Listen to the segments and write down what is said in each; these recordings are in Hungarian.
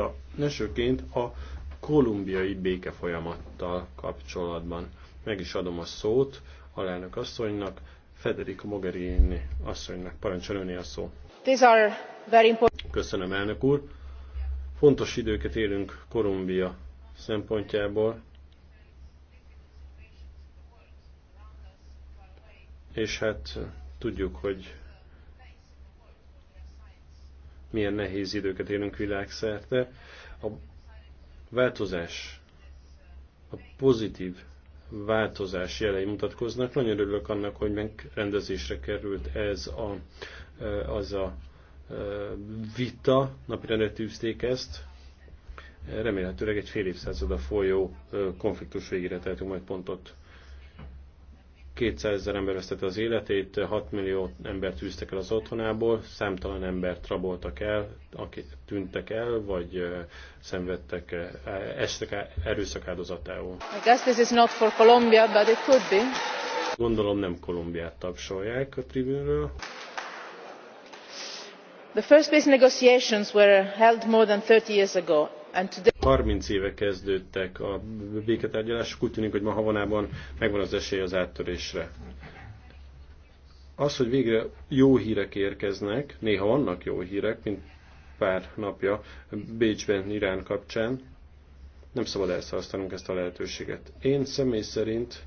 kapta, nesőként a kolumbiai béke folyamattal kapcsolatban. Meg is adom a szót alelnök asszonynak, Federico Mogherini asszonynak. Parancsolni a szó. Köszönöm, elnök úr. Fontos időket élünk Kolumbia szempontjából. És hát tudjuk, hogy milyen nehéz időket élünk világszerte. A változás, a pozitív változás jelei mutatkoznak. Nagyon örülök annak, hogy megrendezésre került ez a, eh, az a eh, vita, napirendre tűzték ezt. Remélhetőleg egy fél évszázada folyó eh, konfliktus végére tehetünk majd pontot. 200 ezer ember vesztette az életét, 6 millió embert tűztek el az otthonából, számtalan embert raboltak el, akik tűntek el, vagy szenvedtek, estek erőszak áldozatául. I guess this is not for Colombia, but it could be. Gondolom nem Kolumbiát tapsolják a tribűnről. The first peace negotiations were held more than 30 years ago, and today 30 éve kezdődtek a béketárgyalások, úgy tűnik, hogy ma havonában megvan az esély az áttörésre. Az, hogy végre jó hírek érkeznek, néha vannak jó hírek, mint pár napja Bécsben, Irán kapcsán, nem szabad elszalasztanunk ezt a lehetőséget. Én személy szerint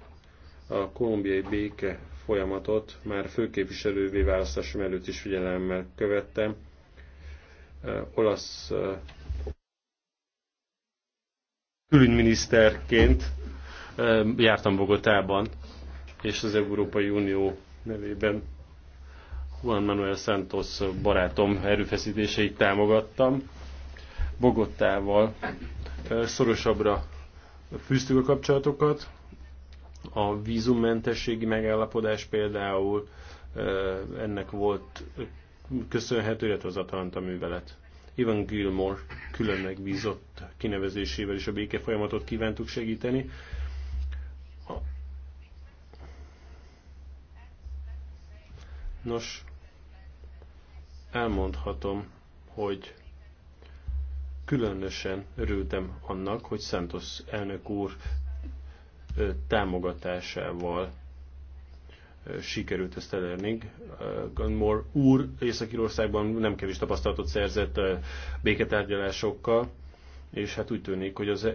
a kolumbiai béke folyamatot már főképviselővé választásom előtt is figyelemmel követtem. Olasz külügyminiszterként jártam Bogotában, és az Európai Unió nevében Juan Manuel Santos barátom erőfeszítéseit támogattam. Bogotával szorosabbra fűztük a kapcsolatokat. A vízummentességi megállapodás például ennek volt köszönhető, illetve az Atalanta művelet. Ivan Gilmore külön megbízott kinevezésével is a béke folyamatot kívántuk segíteni. Nos, elmondhatom, hogy különösen örültem annak, hogy Santos elnök úr támogatásával sikerült ezt elérni. Gunmore úr Észak-Írországban nem kevés tapasztalatot szerzett béketárgyalásokkal, és hát úgy tűnik, hogy az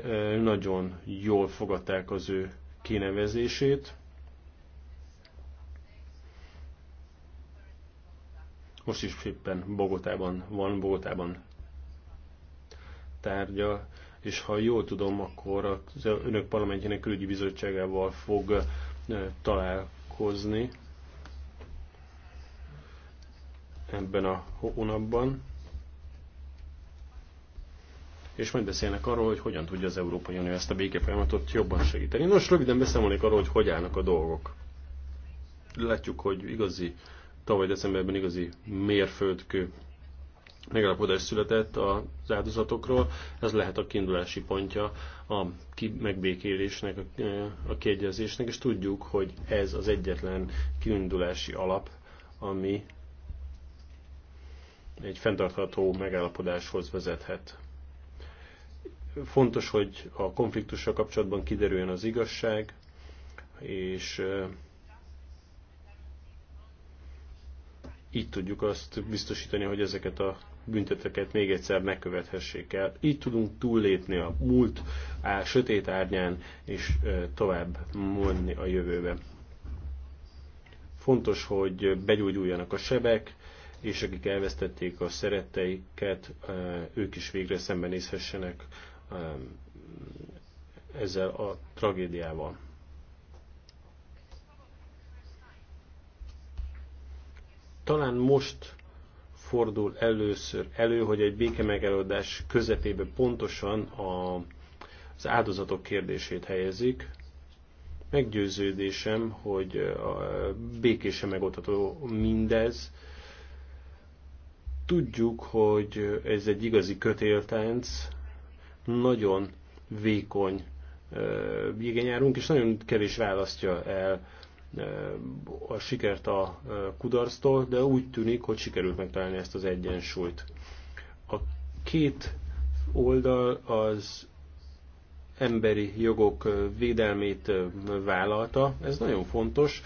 nagyon jól fogadták az ő kinevezését. Most is éppen Bogotában van, Bogotában tárgya, és ha jól tudom, akkor az önök parlamentjének külügyi bizottságával fog találkozni hozni ebben a hónapban, és majd beszélnek arról, hogy hogyan tudja az Európai Unió ezt a békefolyamatot jobban segíteni. Nos, röviden beszámolnék arról, hogy hogy állnak a dolgok. Látjuk, hogy igazi, tavaly decemberben igazi mérföldkő megállapodás született az áldozatokról, ez lehet a kiindulási pontja a megbékélésnek, a kiegyezésnek, és tudjuk, hogy ez az egyetlen kiindulási alap, ami egy fenntartható megállapodáshoz vezethet. Fontos, hogy a konfliktussal kapcsolatban kiderüljön az igazság, és így tudjuk azt biztosítani, hogy ezeket a bünteteket még egyszer megkövethessék el. Így tudunk túllépni a múlt á, sötét árnyán, és tovább mondni a jövőbe. Fontos, hogy begyógyuljanak a sebek, és akik elvesztették a szeretteiket, ők is végre szembenézhessenek ezzel a tragédiával. Talán most fordul először elő, hogy egy békemegállodás közepében pontosan a, az áldozatok kérdését helyezik. Meggyőződésem, hogy a békése megoldható mindez. Tudjuk, hogy ez egy igazi kötéltánc, nagyon vékony igényárunk, és nagyon kevés választja el a sikert a e, kudarctól, de úgy tűnik, hogy sikerült megtalálni ezt az egyensúlyt. A két oldal az emberi jogok védelmét e, vállalta. Ez nagyon fontos,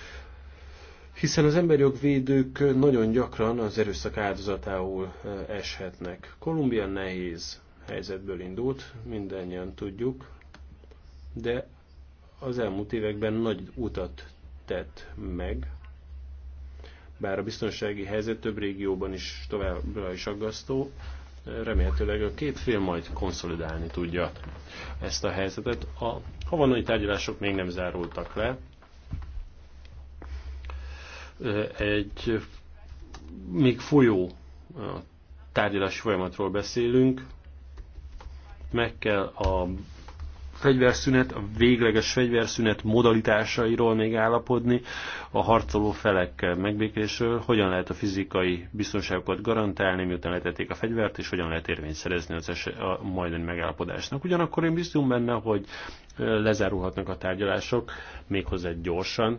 hiszen az emberi jogvédők nagyon gyakran az erőszak áldozatául e, eshetnek. Kolumbia nehéz helyzetből indult, mindannyian tudjuk, de az elmúlt években nagy utat tett meg, bár a biztonsági helyzet több régióban is továbbra is aggasztó, remélhetőleg a két fél majd konszolidálni tudja ezt a helyzetet. A havanói tárgyalások még nem zárultak le. Egy még folyó tárgyalási folyamatról beszélünk. Meg kell a fegyverszünet, a végleges fegyverszünet modalitásairól még állapodni, a harcoló felek megbékésről, hogyan lehet a fizikai biztonságokat garantálni, miután letették a fegyvert, és hogyan lehet érvényt szerezni az eset, a majdani megállapodásnak. Ugyanakkor én biztos benne, hogy lezárulhatnak a tárgyalások, méghozzá gyorsan,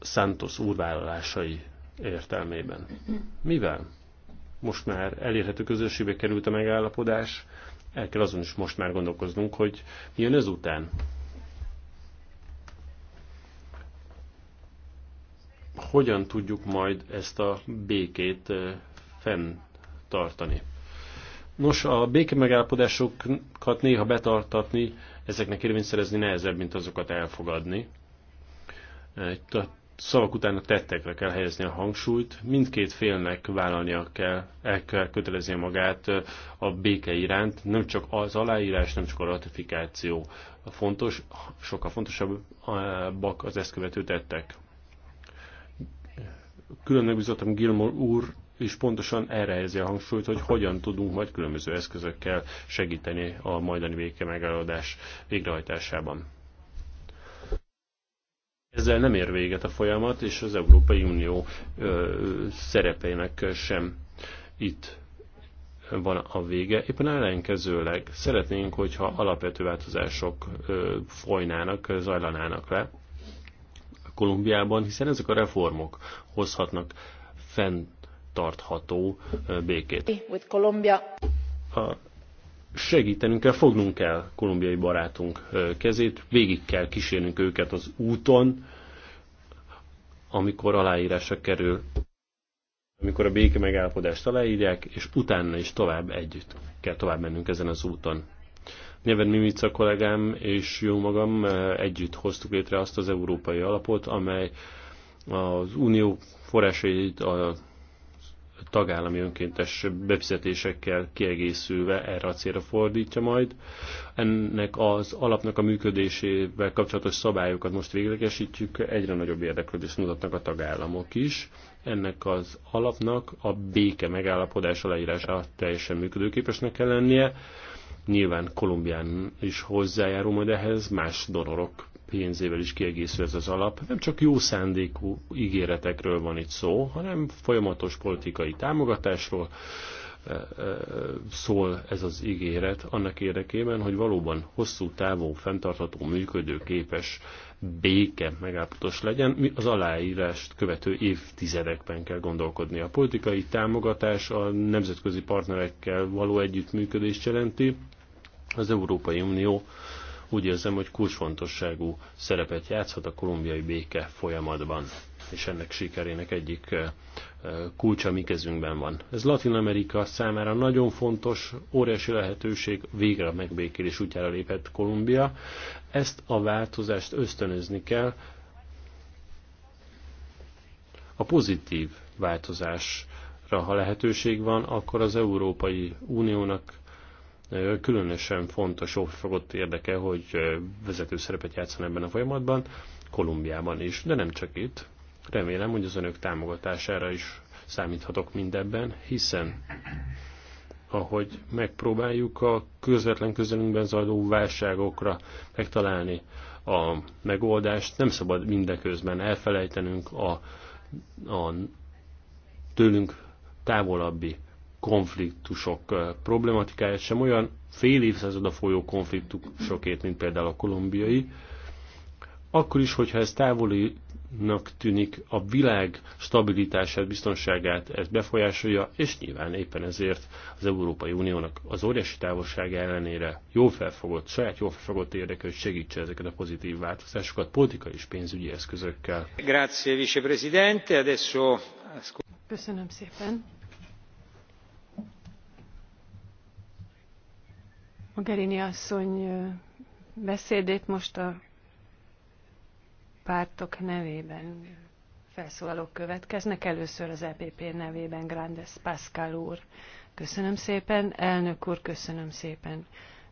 Santos úrvállalásai értelmében. Mivel? Most már elérhető közösségbe került a megállapodás, el kell azon is most már gondolkoznunk, hogy mi jön ezután. Hogyan tudjuk majd ezt a békét eh, fenntartani? Nos, a béke megállapodásokat néha betartatni, ezeknek érvényszerezni nehezebb, mint azokat elfogadni. Eh, itt szavak után a tettekre kell helyezni a hangsúlyt, mindkét félnek vállalnia kell, el kell kötelezni magát a béke iránt, nem csak az aláírás, nem csak a ratifikáció fontos, sokkal fontosabbak az ezt követő tettek. Külön megbizottam Gilmore úr és pontosan erre helyezi a hangsúlyt, hogy hogyan tudunk majd különböző eszközökkel segíteni a majdani béke megállapodás végrehajtásában. Ezzel nem ér véget a folyamat, és az Európai Unió szerepeinek sem itt van a vége. Éppen ellenkezőleg szeretnénk, hogyha alapvető változások folynának, zajlanának le Kolumbiában, hiszen ezek a reformok hozhatnak fenntartható békét. A segítenünk kell, fognunk kell kolumbiai barátunk kezét, végig kell kísérnünk őket az úton, amikor aláírásra kerül, amikor a béke megállapodást aláírják, és utána is tovább együtt kell tovább mennünk ezen az úton. Nyilván Mimica kollégám és jó magam együtt hoztuk létre azt az európai alapot, amely az unió forrásait a tagállami önkéntes befizetésekkel kiegészülve erre a célra fordítja majd. Ennek az alapnak a működésével kapcsolatos szabályokat most véglegesítjük, egyre nagyobb érdeklődést mutatnak a tagállamok is. Ennek az alapnak a béke megállapodás aláírása teljesen működőképesnek kell lennie. Nyilván Kolumbián is hozzájárul majd ehhez, más donorok pénzével is kiegészül ez az alap. Nem csak jó szándékú ígéretekről van itt szó, hanem folyamatos politikai támogatásról eh, eh, szól ez az ígéret annak érdekében, hogy valóban hosszú távú, fenntartható, működőképes béke megállapotos legyen. Az aláírást követő évtizedekben kell gondolkodni. A politikai támogatás a nemzetközi partnerekkel való együttműködést jelenti. Az Európai Unió úgy érzem, hogy kulcsfontosságú szerepet játszhat a kolumbiai béke folyamatban, és ennek sikerének egyik kulcsa mi kezünkben van. Ez Latin Amerika számára nagyon fontos, óriási lehetőség, végre a megbékélés útjára lépett Kolumbia. Ezt a változást ösztönözni kell, a pozitív változásra, ha lehetőség van, akkor az Európai Uniónak Különösen fontos, fogott érdeke, hogy vezető szerepet játszan ebben a folyamatban, Kolumbiában is, de nem csak itt. Remélem, hogy az önök támogatására is számíthatok mindebben, hiszen ahogy megpróbáljuk a közvetlen közelünkben zajló válságokra megtalálni a megoldást, nem szabad mindeközben elfelejtenünk a, a tőlünk távolabbi konfliktusok problematikáját, sem olyan fél a folyó konfliktusokét, mint például a kolumbiai, akkor is, hogyha ez távolinak tűnik, a világ stabilitását, biztonságát ez befolyásolja, és nyilván éppen ezért az Európai Uniónak az óriási távolság ellenére jól felfogott, saját jól felfogott érdeke, hogy segítse ezeket a pozitív változásokat politikai és pénzügyi eszközökkel. Grazie, vicepresidente. Adesso... Köszönöm szépen. Mogherini asszony beszédét most a pártok nevében felszólalók következnek. Először az EPP nevében Grandes Pascal úr. Köszönöm szépen, elnök úr, köszönöm szépen,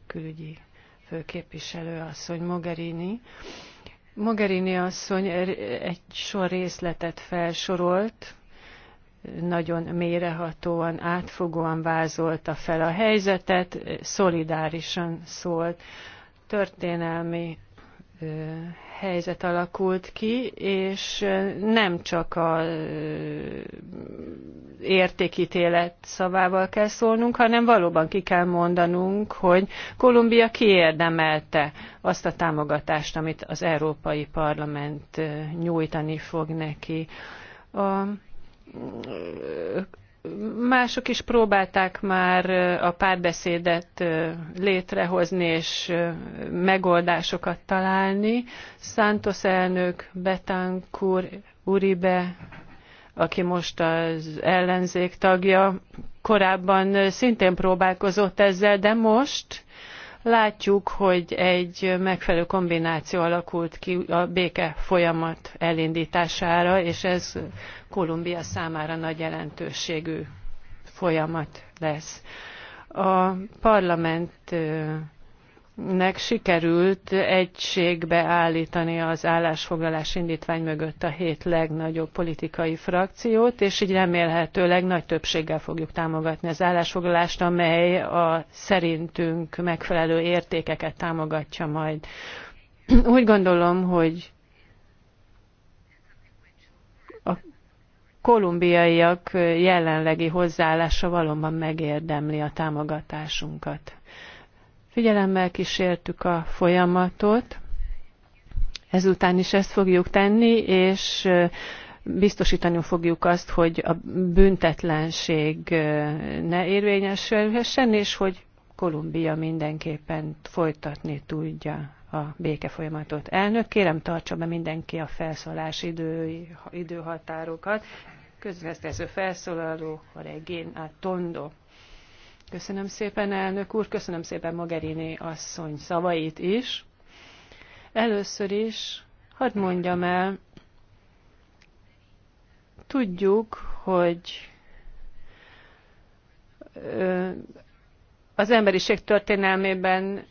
külügyi főképviselő asszony Mogherini. Mogherini asszony er, egy sor részletet felsorolt, nagyon mérehatóan, átfogóan vázolta fel a helyzetet, szolidárisan szólt, történelmi helyzet alakult ki, és nem csak a értékítélet szavával kell szólnunk, hanem valóban ki kell mondanunk, hogy Kolumbia kiérdemelte azt a támogatást, amit az Európai Parlament nyújtani fog neki. A mások is próbálták már a párbeszédet létrehozni és megoldásokat találni. Santos elnök, Betankur, Uribe, aki most az ellenzék tagja, korábban szintén próbálkozott ezzel, de most Látjuk, hogy egy megfelelő kombináció alakult ki a béke folyamat elindítására, és ez Kolumbia számára nagy jelentőségű folyamat lesz. A parlament nek sikerült egységbe állítani az állásfoglalás indítvány mögött a hét legnagyobb politikai frakciót, és így remélhetőleg nagy többséggel fogjuk támogatni az állásfoglalást, amely a szerintünk megfelelő értékeket támogatja majd. Úgy gondolom, hogy a kolumbiaiak jelenlegi hozzáállása valóban megérdemli a támogatásunkat. Figyelemmel kísértük a folyamatot, ezután is ezt fogjuk tenni, és biztosítani fogjuk azt, hogy a büntetlenség ne érvényesülhessen, és hogy Kolumbia mindenképpen folytatni tudja a békefolyamatot. Elnök, kérem tartsa be mindenki a felszólás idő, időhatárokat. Közvetkező felszólaló a Regén a Tondo. Köszönöm szépen, elnök úr, köszönöm szépen Mogherini asszony szavait is. Először is hadd mondjam el, tudjuk, hogy az emberiség történelmében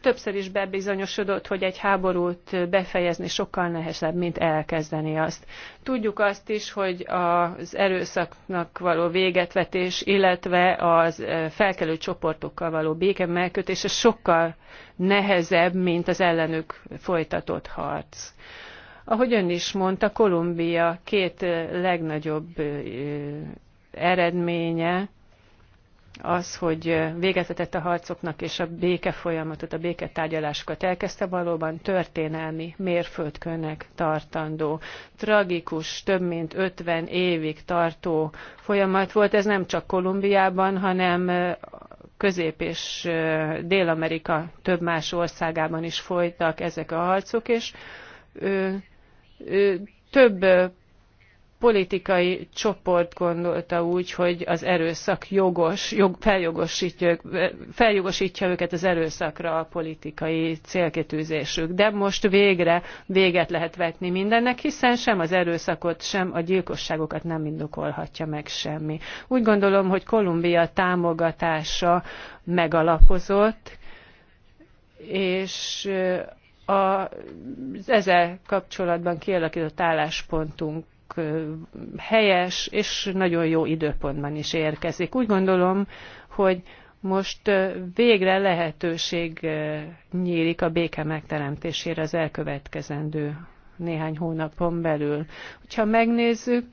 többször is bebizonyosodott, hogy egy háborút befejezni sokkal nehezebb, mint elkezdeni azt. Tudjuk azt is, hogy az erőszaknak való végetvetés, illetve az felkelő csoportokkal való béke megkötése sokkal nehezebb, mint az ellenük folytatott harc. Ahogy ön is mondta, Kolumbia két legnagyobb eredménye, az, hogy vetett a harcoknak és a béke folyamatot, a béketárgyalásokat elkezdte valóban történelmi mérföldkönnek tartandó, tragikus, több mint 50 évig tartó folyamat volt. Ez nem csak Kolumbiában, hanem Közép- és Dél-Amerika több más országában is folytak ezek a harcok, és ő, ő, több politikai csoport gondolta úgy, hogy az erőszak jogos, jog, feljogosítja, feljogosítja őket az erőszakra a politikai célkitűzésük. De most végre véget lehet vetni mindennek, hiszen sem az erőszakot, sem a gyilkosságokat nem indokolhatja meg semmi. Úgy gondolom, hogy Kolumbia támogatása megalapozott, és a, ezzel kapcsolatban kialakított álláspontunk helyes és nagyon jó időpontban is érkezik. Úgy gondolom, hogy most végre lehetőség nyílik a béke megteremtésére az elkövetkezendő néhány hónapon belül. Ha megnézzük,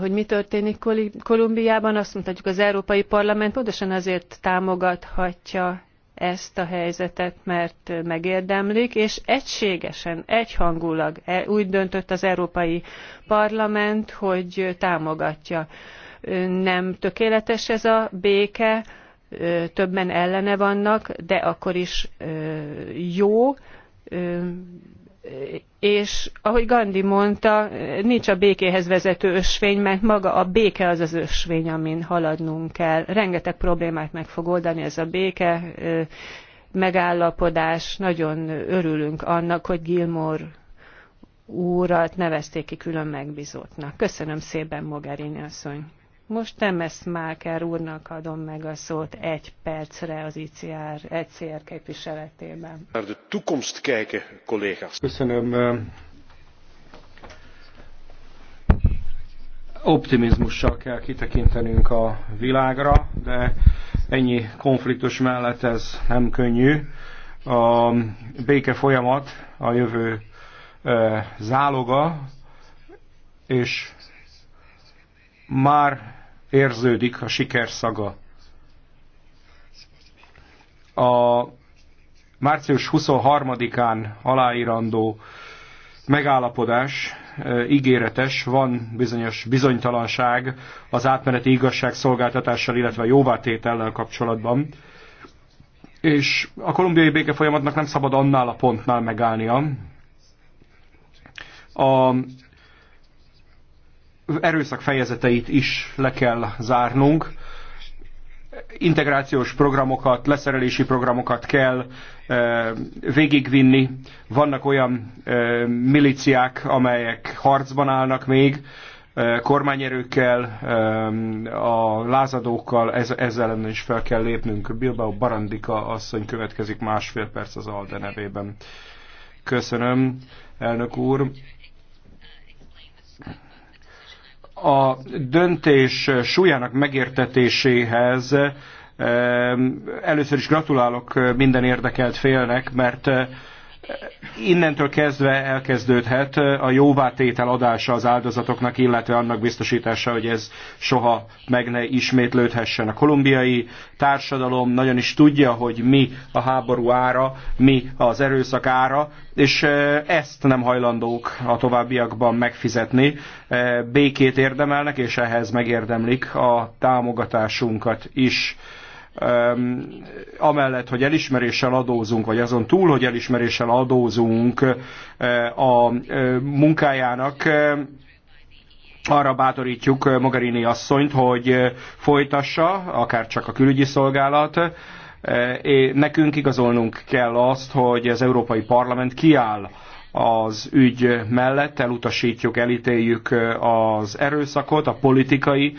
hogy mi történik Kolumbiában, azt mondhatjuk, az Európai Parlament pontosan azért támogathatja ezt a helyzetet, mert megérdemlik, és egységesen, egyhangulag e, úgy döntött az Európai Parlament, hogy támogatja. Nem tökéletes ez a béke, többen ellene vannak, de akkor is jó, és ahogy Gandhi mondta, nincs a békéhez vezető ösvény, mert maga a béke az az ösvény, amin haladnunk kell. Rengeteg problémát meg fog oldani ez a béke megállapodás. Nagyon örülünk annak, hogy Gilmore úrat nevezték ki külön megbízottnak. Köszönöm szépen, Mogherini asszony! Most nem ezt Máker úrnak adom meg a szót egy percre az ICR, ECR képviseletében. Naar de toekomst kijken, collega's. Köszönöm. Optimizmussal kell kitekintenünk a világra, de ennyi konfliktus mellett ez nem könnyű. A béke folyamat a jövő záloga, és már érződik a siker szaga. A március 23-án aláírandó megállapodás e, ígéretes, van bizonyos bizonytalanság az átmeneti igazságszolgáltatással, illetve jóvátétellel kapcsolatban. És a kolumbiai béke folyamatnak nem szabad annál a pontnál megállnia. A erőszak fejezeteit is le kell zárnunk. Integrációs programokat, leszerelési programokat kell végigvinni. Vannak olyan miliciák, amelyek harcban állnak még, kormányerőkkel, a lázadókkal, ez, ezzel ellen is fel kell lépnünk. Bilbao Barandika asszony következik másfél perc az ALDE nevében. Köszönöm, elnök úr a döntés súlyának megértetéséhez először is gratulálok minden érdekelt félnek, mert Innentől kezdve elkezdődhet a jóvátétel adása az áldozatoknak, illetve annak biztosítása, hogy ez soha meg ne ismétlődhessen. A kolumbiai társadalom nagyon is tudja, hogy mi a háború ára, mi az erőszak ára, és e, ezt nem hajlandók a továbbiakban megfizetni. E, békét érdemelnek, és ehhez megérdemlik a támogatásunkat is amellett, hogy elismeréssel adózunk, vagy azon túl, hogy elismeréssel adózunk a munkájának, arra bátorítjuk Mogherini asszonyt, hogy folytassa, akár csak a külügyi szolgálat, nekünk igazolnunk kell azt, hogy az Európai Parlament kiáll az ügy mellett, elutasítjuk, elítéljük az erőszakot, a politikai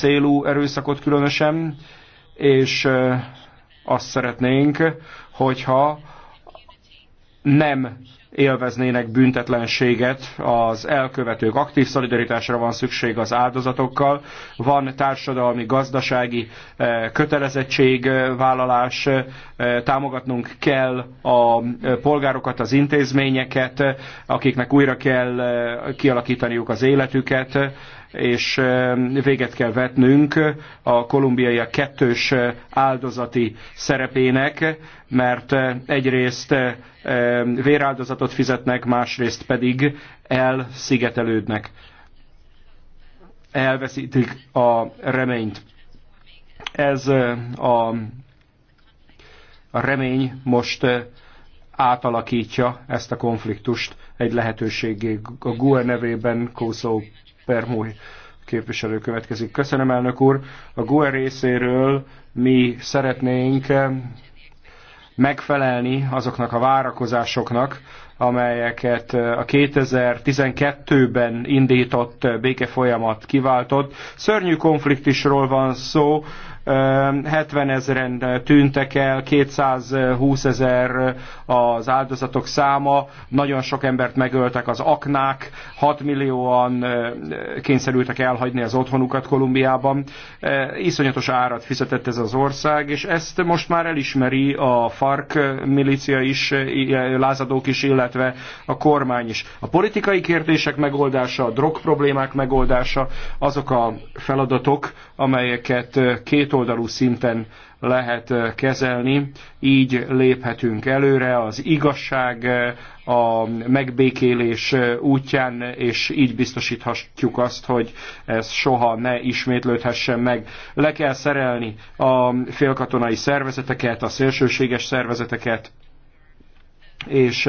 célú erőszakot különösen, és azt szeretnénk, hogyha nem élveznének büntetlenséget az elkövetők. Aktív szolidaritásra van szükség az áldozatokkal, van társadalmi, gazdasági kötelezettségvállalás, támogatnunk kell a polgárokat, az intézményeket, akiknek újra kell kialakítaniuk az életüket, és eh, véget kell vetnünk a kolumbiaiak kettős eh, áldozati szerepének, mert eh, egyrészt véráldozatot fizetnek, másrészt pedig elszigetelődnek. Elveszítik a reményt. Ez a, a remény most átalakítja ezt a konfliktust egy lehetőségé. A GUE nevében Kószó Permúj képviselő következik. Köszönöm, elnök úr. A GUE részéről mi szeretnénk eh, megfelelni azoknak a várakozásoknak, amelyeket eh, a 2012-ben indított eh, békefolyamat kiváltott. Szörnyű konfliktusról van szó, 70 ezeren tűntek el, 220 ezer az áldozatok száma, nagyon sok embert megöltek az aknák, 6 millióan kényszerültek elhagyni az otthonukat Kolumbiában. Iszonyatos árat fizetett ez az ország, és ezt most már elismeri a FARC milícia is, lázadók is, illetve a kormány is. A politikai kérdések megoldása, a drog problémák megoldása, azok a feladatok, amelyeket kétoldalú szinten lehet kezelni, így léphetünk előre az igazság, a megbékélés útján, és így biztosíthatjuk azt, hogy ez soha ne ismétlődhessen meg. Le kell szerelni a félkatonai szervezeteket, a szélsőséges szervezeteket, és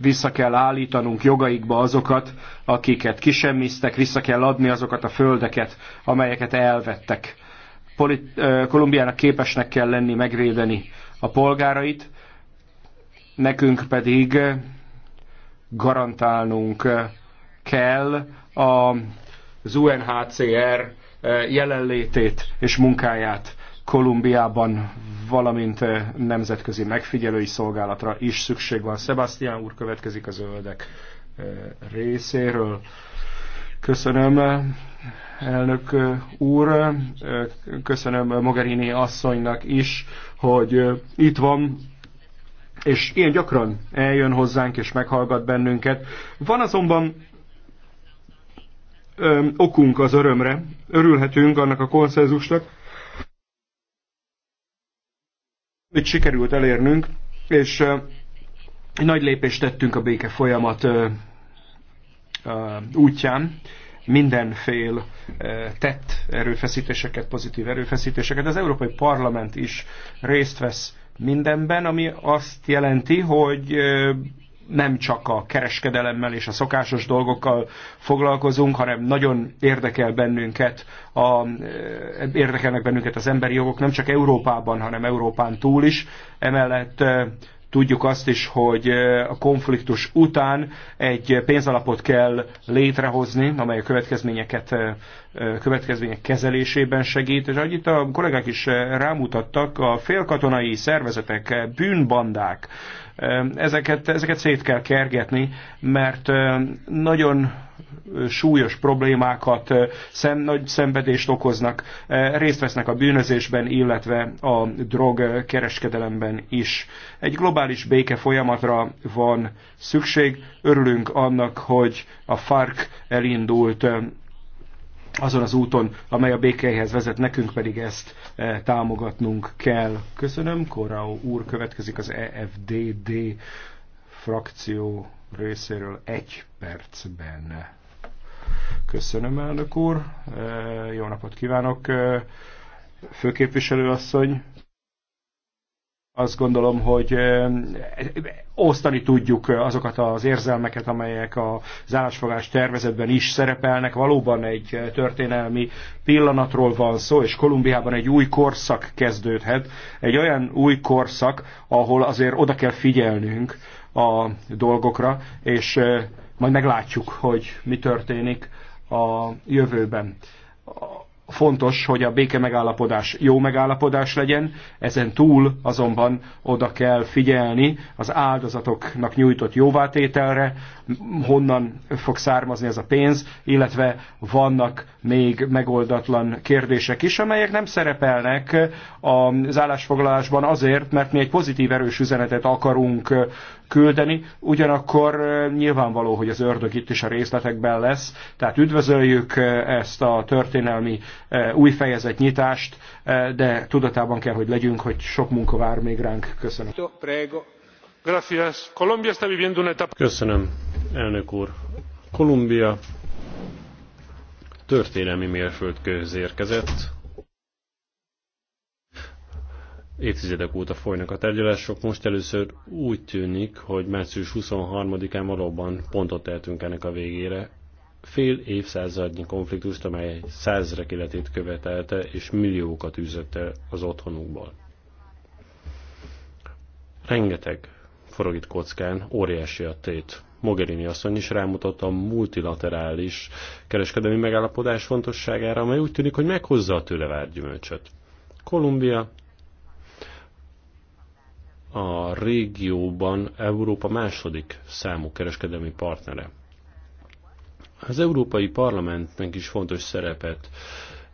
vissza kell állítanunk jogaikba azokat, akiket kisemmiztek, vissza kell adni azokat a földeket, amelyeket elvettek. Polit- Kolumbiának képesnek kell lenni megvédeni a polgárait, nekünk pedig garantálnunk kell az UNHCR jelenlétét és munkáját. Kolumbiában, valamint nemzetközi megfigyelői szolgálatra is szükség van. Sebastian úr következik a zöldek részéről. Köszönöm, elnök úr, köszönöm Mogherini asszonynak is, hogy itt van, és ilyen gyakran eljön hozzánk és meghallgat bennünket. Van azonban okunk az örömre, örülhetünk annak a konszenzusnak, itt sikerült elérnünk, és egy nagy lépést tettünk a béke folyamat útján. Mindenfél tett erőfeszítéseket, pozitív erőfeszítéseket. Az Európai Parlament is részt vesz mindenben, ami azt jelenti, hogy nem csak a kereskedelemmel és a szokásos dolgokkal foglalkozunk, hanem nagyon érdekel bennünket a, eh, érdekelnek bennünket az emberi jogok, nem csak Európában, hanem Európán túl is. Emellett eh, Tudjuk azt is, hogy eh, a konfliktus után egy pénzalapot kell létrehozni, amely a következményeket, eh, eh, következmények kezelésében segít, és ahogy itt a kollégák is rámutattak, a félkatonai szervezetek, bűnbandák, ezeket, ezeket szét kell kergetni, mert nagyon súlyos problémákat, szem, nagy szenvedést okoznak, részt vesznek a bűnözésben, illetve a drogkereskedelemben is. Egy globális béke folyamatra van szükség. Örülünk annak, hogy a FARC elindult azon az úton, amely a békéhez vezet, nekünk pedig ezt támogatnunk kell. Köszönöm, Korau úr, következik az EFDD frakció részéről egy percben. Köszönöm, elnök úr. Jó napot kívánok. Főképviselő asszony, azt gondolom, hogy osztani tudjuk azokat az érzelmeket, amelyek az állásfogás tervezetben is szerepelnek. Valóban egy történelmi pillanatról van szó, és Kolumbiában egy új korszak kezdődhet. Egy olyan új korszak, ahol azért oda kell figyelnünk a dolgokra, és majd meglátjuk, hogy mi történik a jövőben. Fontos, hogy a béke megállapodás jó megállapodás legyen, ezen túl azonban oda kell figyelni az áldozatoknak nyújtott jóvátételre, honnan fog származni ez a pénz, illetve vannak még megoldatlan kérdések is, amelyek nem szerepelnek az állásfoglalásban azért, mert mi egy pozitív erős üzenetet akarunk küldeni, ugyanakkor nyilvánvaló, hogy az ördög itt is a részletekben lesz, tehát üdvözöljük ezt a történelmi új fejezet nyitást, de tudatában kell, hogy legyünk, hogy sok munka vár még ránk. Köszönöm. Köszönöm, elnök úr. Kolumbia történelmi mérföldkőhöz érkezett. Évtizedek óta folynak a tárgyalások, most először úgy tűnik, hogy március 23-án valóban pontot tehetünk ennek a végére. Fél évszázadnyi konfliktust, amely százrek életét követelte és milliókat üzette az otthonukból. Rengeteg forog itt kockán, óriási a tét. Mogherini asszony is rámutat a multilaterális kereskedelmi megállapodás fontosságára, amely úgy tűnik, hogy meghozza a tőle várt gyümölcsöt. Kolumbia a régióban Európa második számú kereskedelmi partnere. Az Európai Parlamentnek is fontos szerepet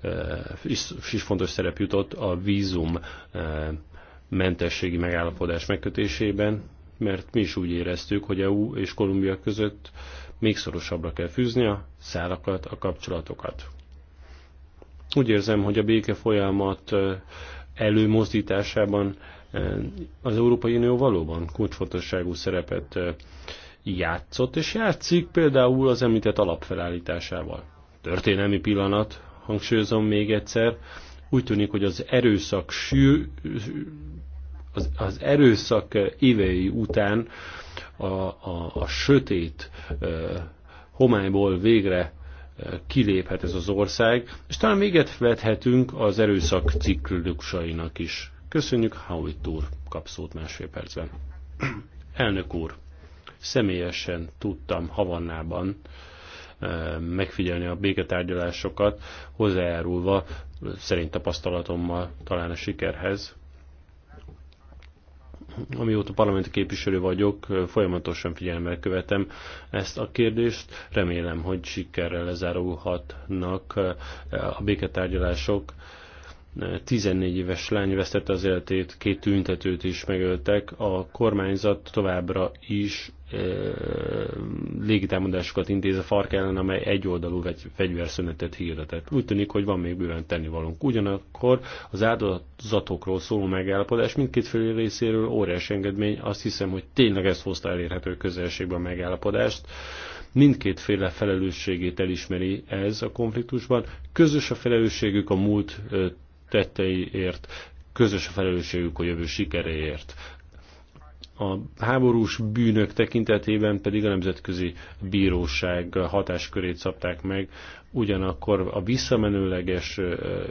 eh, is, is fontos szerep jutott a vízum eh, mentességi megállapodás megkötésében, mert mi is úgy éreztük, hogy EU és Kolumbia között még szorosabbra kell fűzni a szálakat, a kapcsolatokat. Úgy érzem, hogy a béke folyamat előmozdításában az Európai Unió valóban kulcsfontosságú szerepet játszott, és játszik például az említett alapfelállításával. Történelmi pillanat, hangsúlyozom még egyszer, úgy tűnik, hogy az erőszak sű, az, az erőszak évei után a, a, a sötét homályból végre kiléphet ez az ország, és talán véget vethetünk az erőszak ciklusainak is. Köszönjük, Howitt úr, kap szót másfél percben. Elnök úr, személyesen tudtam Havannában megfigyelni a béketárgyalásokat, hozzájárulva szerint tapasztalatommal talán a sikerhez. Amióta parlamenti képviselő vagyok, folyamatosan figyelemmel követem ezt a kérdést. Remélem, hogy sikerrel lezárulhatnak eh, a béketárgyalások 14 éves lány vesztette az életét, két tüntetőt is megöltek, a kormányzat továbbra is e, légitámadásokat intéz a fark ellen, amely egyoldalú fegyverszünetet hirdetett. Úgy tűnik, hogy van még bőven tennivalónk. Ugyanakkor az áldozatokról szóló megállapodás mindkét fél részéről óriási engedmény, azt hiszem, hogy tényleg ezt hozta elérhető közelségben a megállapodást mindkét féle felelősségét elismeri ez a konfliktusban. Közös a felelősségük a múlt tetteiért, közös a felelősségük a jövő sikeréért. A háborús bűnök tekintetében pedig a Nemzetközi Bíróság hatáskörét szabták meg, ugyanakkor a visszamenőleges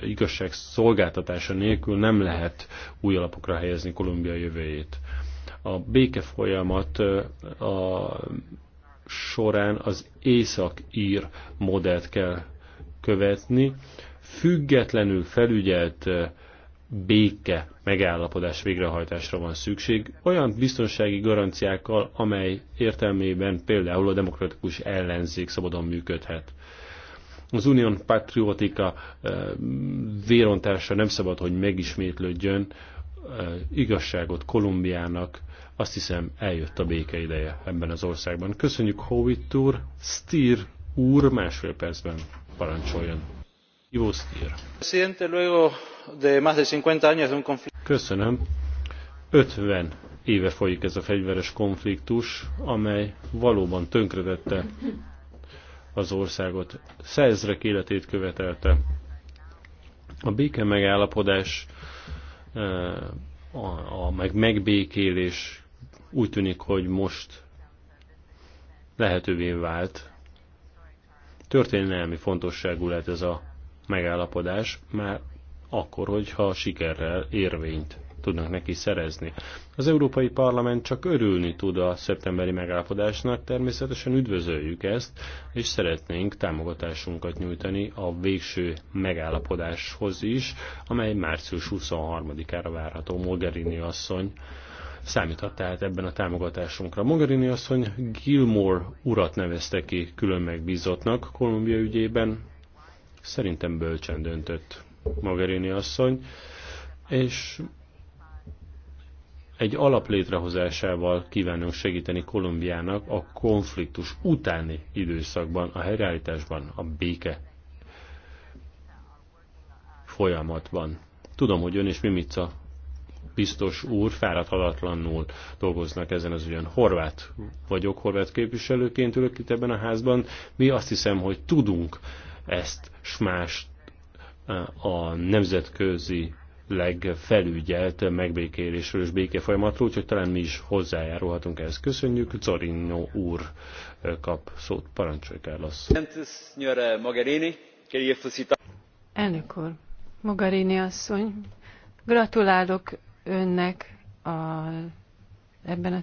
igazság szolgáltatása nélkül nem lehet új alapokra helyezni Kolumbia jövőjét. A béke folyamat a során az észak-ír modellt kell követni, függetlenül felügyelt béke megállapodás végrehajtásra van szükség, olyan biztonsági garanciákkal, amely értelmében például a demokratikus ellenzék szabadon működhet. Az Unión Patriotica vérontása nem szabad, hogy megismétlődjön, igazságot Kolumbiának, azt hiszem eljött a béke ideje ebben az országban. Köszönjük Hovittúr, Stír úr másfél percben parancsoljon. Köszönöm. 50 éve folyik ez a fegyveres konfliktus, amely valóban tönkretette az országot. százezrek életét követelte. A béke megállapodás, eh, a, meg megbékélés úgy tűnik, hogy most lehetővé vált. Történelmi fontosságú lett ez a megállapodás már akkor, hogyha sikerrel érvényt tudnak neki szerezni. Az Európai Parlament csak örülni tud a szeptemberi megállapodásnak, természetesen üdvözöljük ezt, és szeretnénk támogatásunkat nyújtani a végső megállapodáshoz is, amely március 23-ára várható Mogherini asszony számíthat tehát ebben a támogatásunkra. Mogherini asszony Gilmore urat nevezte ki külön megbízottnak Kolumbia ügyében, Szerintem bölcsen döntött Mogherini asszony, és egy alap létrehozásával kívánunk segíteni Kolumbiának a konfliktus utáni időszakban, a helyreállításban, a béke folyamatban. Tudom, hogy ön és Mimica biztos úr fáradhatatlanul dolgoznak ezen az ügyen. Horvát vagyok, horvát képviselőként ülök itt ebben a házban. Mi azt hiszem, hogy tudunk ezt s mást eh, a nemzetközi legfelügyelt megbékélésről és folyamatról, úgyhogy talán mi is hozzájárulhatunk ehhez. Köszönjük, Zorinho úr eh, kap szót. Parancsolj, Carlos. Elnök úr, Mogherini asszony, gratulálok önnek a, ebben a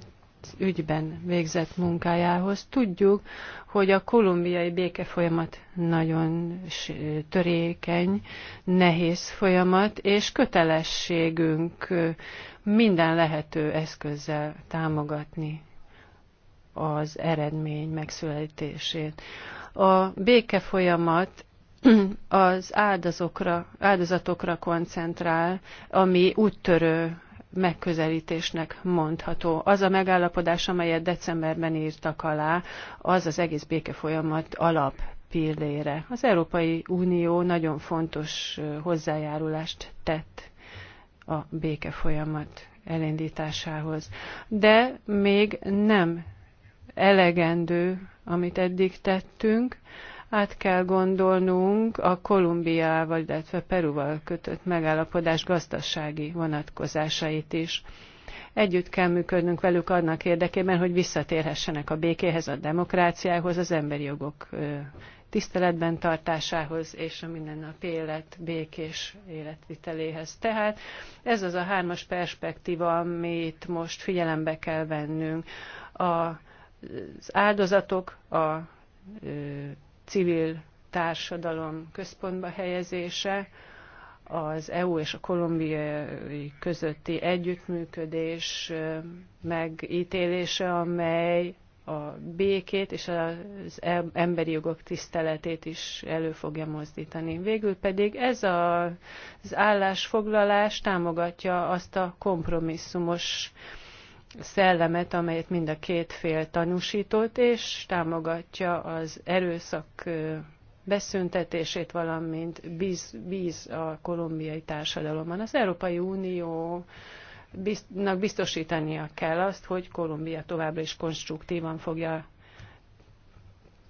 ügyben végzett munkájához. Tudjuk, hogy a kolumbiai békefolyamat nagyon törékeny, nehéz folyamat, és kötelességünk minden lehető eszközzel támogatni az eredmény megszületését. A béke folyamat az áldozatokra koncentrál, ami úttörő megközelítésnek mondható. Az a megállapodás, amelyet decemberben írtak alá, az az egész békefolyamat alap pillére. Az Európai Unió nagyon fontos hozzájárulást tett a békefolyamat elindításához. De még nem elegendő, amit eddig tettünk, át kell gondolnunk a Kolumbiával, illetve Peruval kötött megállapodás gazdasági vonatkozásait is. Együtt kell működnünk velük annak érdekében, hogy visszatérhessenek a békéhez, a demokráciához, az emberi jogok tiszteletben tartásához és a mindennapi élet békés életviteléhez. Tehát ez az a hármas perspektíva, amit most figyelembe kell vennünk. A, az áldozatok, a civil társadalom központba helyezése, az EU és a kolumbiai közötti együttműködés megítélése, amely a békét és az emberi jogok tiszteletét is elő fogja mozdítani. Végül pedig ez a, az állásfoglalás támogatja azt a kompromisszumos szellemet, amelyet mind a két fél tanúsított, és támogatja az erőszak beszüntetését, valamint bíz, bíz a kolumbiai társadalomban. Az Európai Unió nak biztosítania kell azt, hogy Kolumbia továbbra is konstruktívan fogja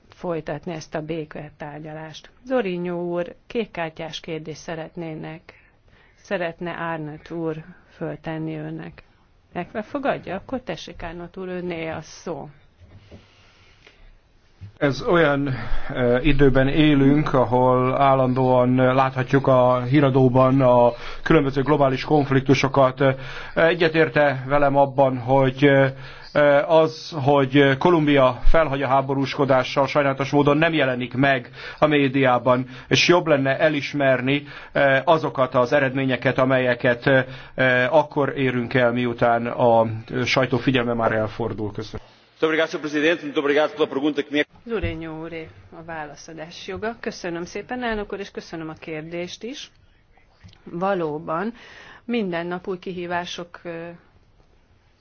folytatni ezt a béketárgyalást. Zorinyó úr kékkártyás kérdést szeretnének, szeretne Árnett úr föltenni önnek megfogadja, akkor tessék Árnott úr, önné a szó. Ez olyan e, időben élünk, ahol állandóan láthatjuk a híradóban a különböző globális konfliktusokat. E, egyetérte velem abban, hogy e, Eh, az, hogy Kolumbia felhagy a háborúskodással, sajnálatos módon nem jelenik meg a médiában, és jobb lenne elismerni eh, azokat az eredményeket, amelyeket eh, akkor érünk el, miután a sajtó figyelme már elfordul. Köszönöm. Zurényó úré, a válaszadás joga. Köszönöm szépen, elnök úr, és köszönöm a kérdést is. Valóban minden nap új kihívások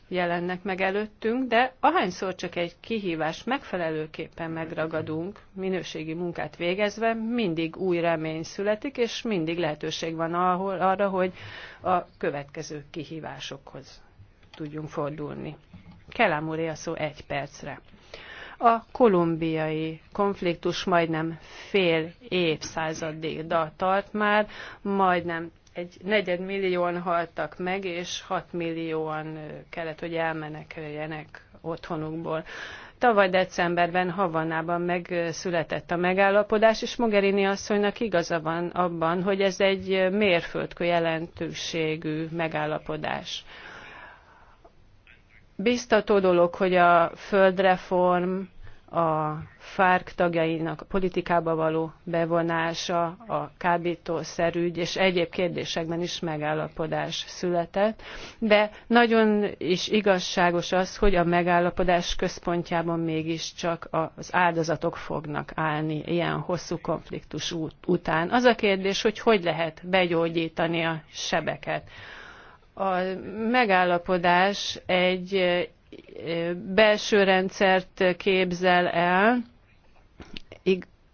jelennek meg előttünk, de ahányszor csak egy kihívást megfelelőképpen megragadunk, minőségi munkát végezve, mindig új remény születik, és mindig lehetőség van ahol, arra, hogy a következő kihívásokhoz tudjunk fordulni. Kelámúré a szó egy percre. A kolumbiai konfliktus majdnem fél évszázadig tart már, majdnem egy negyed millióan haltak meg, és 6 millióan kellett, hogy elmeneküljenek otthonukból. Tavaly decemberben Havannában megszületett a megállapodás, és Mogherini asszonynak igaza van abban, hogy ez egy mérföldkő jelentőségű megállapodás. Biztató dolog, hogy a földreform a FARC tagjainak a politikába való bevonása, a kábítószerügy és egyéb kérdésekben is megállapodás született, de nagyon is igazságos az, hogy a megállapodás központjában mégiscsak az áldozatok fognak állni ilyen hosszú konfliktus út után. Az a kérdés, hogy hogy lehet begyógyítani a sebeket. A megállapodás egy belső rendszert képzel el,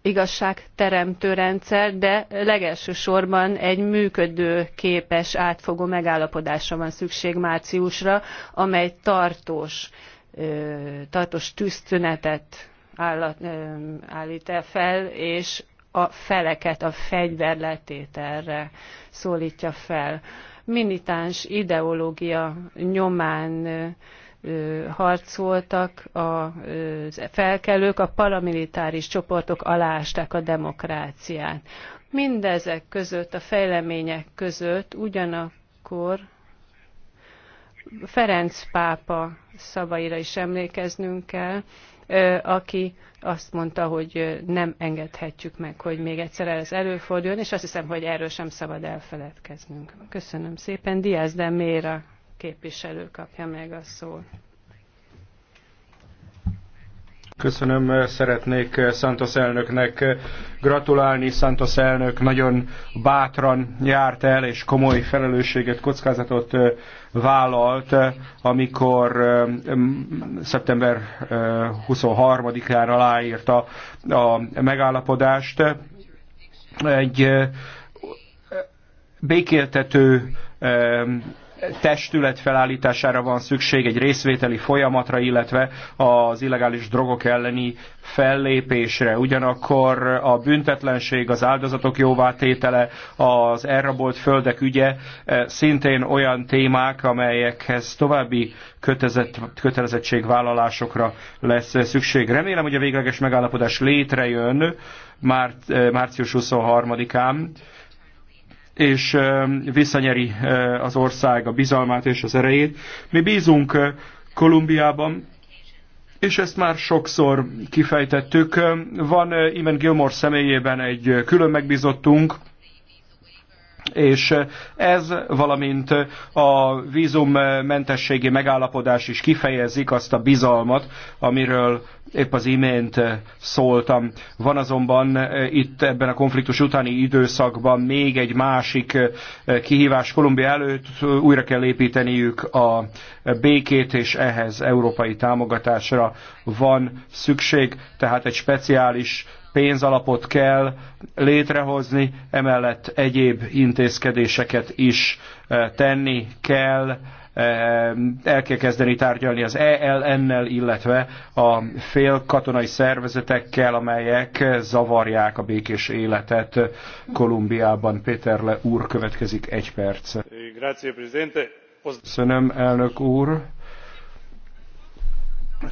igazságteremtő rendszer, de legelső sorban egy működő képes átfogó megállapodásra van szükség márciusra, amely tartós, tartós tűztünetet állít el fel, és a feleket a fegyverletételre szólítja fel. Militáns ideológia nyomán harcoltak a felkelők, a paramilitáris csoportok alásták a demokráciát. Mindezek között, a fejlemények között ugyanakkor Ferenc pápa szavaira is emlékeznünk kell, aki azt mondta, hogy nem engedhetjük meg, hogy még egyszer ez előforduljon, és azt hiszem, hogy erről sem szabad elfeledkeznünk. Köszönöm szépen. Diaz de Méra képviselő kapja meg a szót. Köszönöm, szeretnék Santos elnöknek gratulálni. Santos elnök nagyon bátran járt el, és komoly felelősséget, kockázatot vállalt, amikor szeptember 23-án aláírta a megállapodást. Egy békéltető testület felállítására van szükség, egy részvételi folyamatra, illetve az illegális drogok elleni fellépésre. Ugyanakkor a büntetlenség, az áldozatok jóvátétele, az elrabolt földek ügye eh, szintén olyan témák, amelyekhez további kötezett, kötelezettségvállalásokra lesz eh, szükség. Remélem, hogy a végleges megállapodás létrejön már, eh, március 23-án, és visszanyeri az ország a bizalmát és az erejét. Mi bízunk Kolumbiában, és ezt már sokszor kifejtettük. Van Imen Gilmore személyében egy külön megbízottunk, és ez, valamint a vízummentességi megállapodás is kifejezik azt a bizalmat, amiről épp az imént szóltam. Van azonban eh, itt ebben a konfliktus utáni időszakban még egy másik eh, kihívás Kolumbia előtt, eh, újra kell építeniük a békét, és ehhez európai támogatásra van szükség, tehát egy speciális pénzalapot kell létrehozni, emellett egyéb intézkedéseket is eh, tenni kell, eh, el kell kezdeni tárgyalni az ELN-nel, illetve a fél katonai szervezetekkel, amelyek zavarják a békés életet Kolumbiában. Péterle úr következik egy perc. Köszönöm, elnök úr.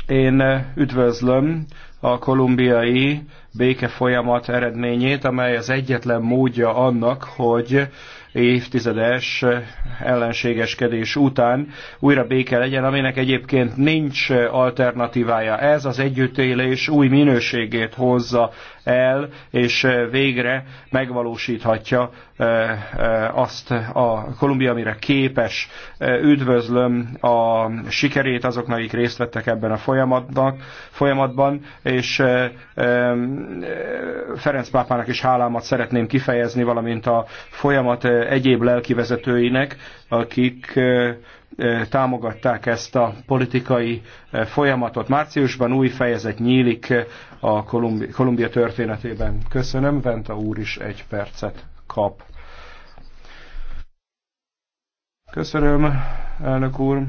Én eh, üdvözlöm a kolumbiai béke folyamat eredményét, amely az egyetlen módja annak, hogy évtizedes ellenségeskedés után újra béke legyen, aminek egyébként nincs alternatívája. Ez az együttélés új minőségét hozza el, és végre megvalósíthatja eh, eh, azt a Kolumbia, amire képes. Eh, üdvözlöm a sikerét azoknak, akik részt vettek ebben a folyamatnak, folyamatban, és Ferenc pápának is hálámat szeretném kifejezni, valamint a folyamat egyéb vezetőinek, akik támogatták ezt a politikai folyamatot. Márciusban új fejezet nyílik a Kolumbia, Kolumbia történetében. Köszönöm, Venta úr is egy percet kap. Köszönöm, elnök úr.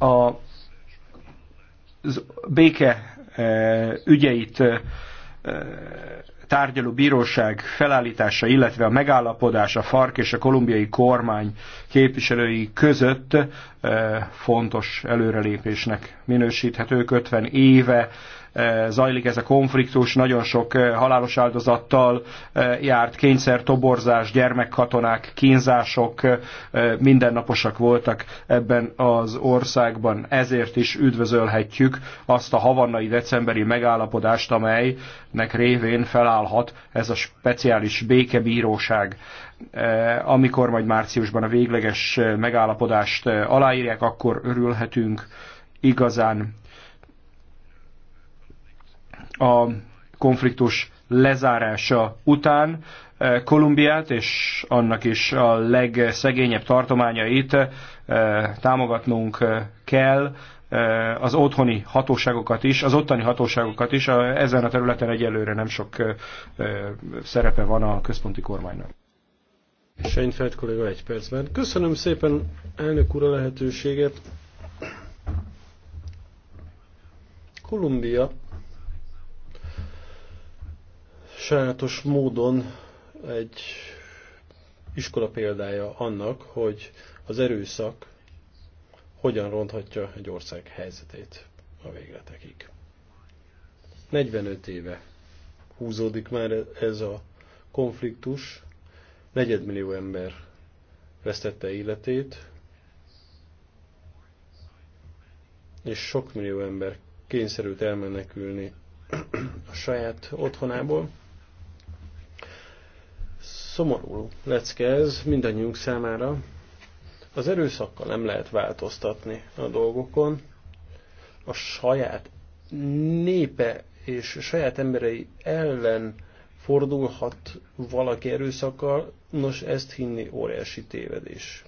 A béke ügyeit tárgyaló bíróság felállítása, illetve a megállapodás a FARC és a kolumbiai kormány képviselői között eh, fontos előrelépésnek minősíthető 50 éve Eh, zajlik ez a konfliktus, nagyon sok eh, halálos áldozattal eh, járt, kényszertoborzás, gyermekkatonák, kínzások mindennaposak voltak ebben az országban. Ezért is üdvözölhetjük azt a havannai decemberi megállapodást, amelynek révén felállhat ez a speciális békebíróság amikor majd márciusban a végleges megállapodást aláírják, akkor örülhetünk igazán a konfliktus lezárása után eh, Kolumbiát és annak is a legszegényebb tartományait eh, támogatnunk eh, kell, az otthoni hatóságokat is, az ottani hatóságokat is, ezen a területen egyelőre nem sok szerepe van a központi kormánynak. Seinfeld kolléga egy percben. Köszönöm szépen elnök úr a lehetőséget. Kolumbia sajátos módon egy iskola példája annak, hogy az erőszak hogyan ronthatja egy ország helyzetét a végletekig. 45 éve húzódik már ez a konfliktus, negyedmillió ember vesztette életét, és sok millió ember kényszerült elmenekülni a saját otthonából. Szomorú lecke ez mindannyiunk számára. Az erőszakkal nem lehet változtatni a dolgokon. A saját népe és saját emberei ellen fordulhat valaki erőszakkal, nos ezt hinni óriási tévedés.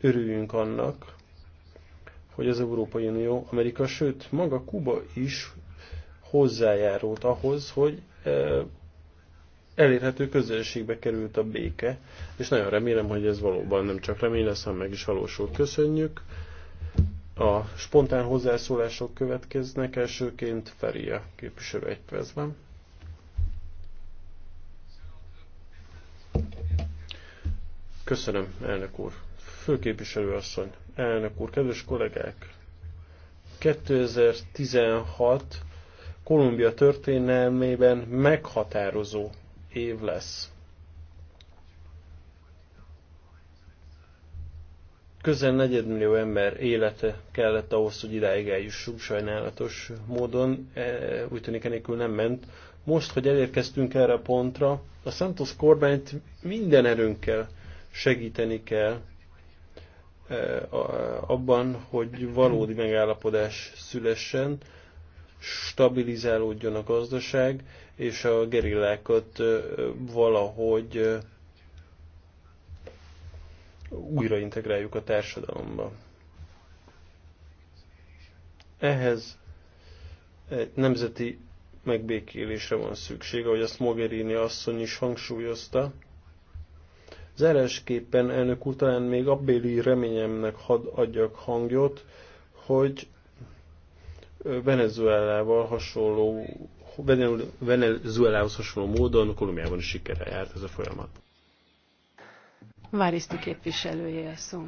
Örüljünk annak, hogy az Európai Unió, Amerika, sőt maga Kuba is hozzájárult ahhoz, hogy eh, elérhető közösségbe került a béke, és nagyon remélem, hogy ez valóban nem csak remény lesz, hanem meg is valósul. Köszönjük! A spontán hozzászólások következnek, elsőként Feria képviselő egy percben. Köszönöm, elnök úr. Főképviselő asszony, elnök úr, kedves kollégák! 2016 Kolumbia történelmében meghatározó év lesz. Közel negyedmillió ember élete kellett ahhoz, hogy idáig eljussunk sajnálatos módon, e, úgy tűnik enélkül nem ment. Most, hogy elérkeztünk erre a pontra, a Santos kormányt minden erőnkkel segíteni kell e, abban, hogy valódi megállapodás szülessen, stabilizálódjon a gazdaság, és a gerillákat valahogy újraintegráljuk a társadalomba. Ehhez egy nemzeti megbékélésre van szükség, ahogy azt Mogherini asszony is hangsúlyozta. Zárásképpen elnök után még abbéli reményemnek hadd adjak hangot, hogy Venezuelával hasonló, Venezuelához hasonló módon Kolumbiában is sikerrel járt ez a folyamat. Váriszti képviselője a szó.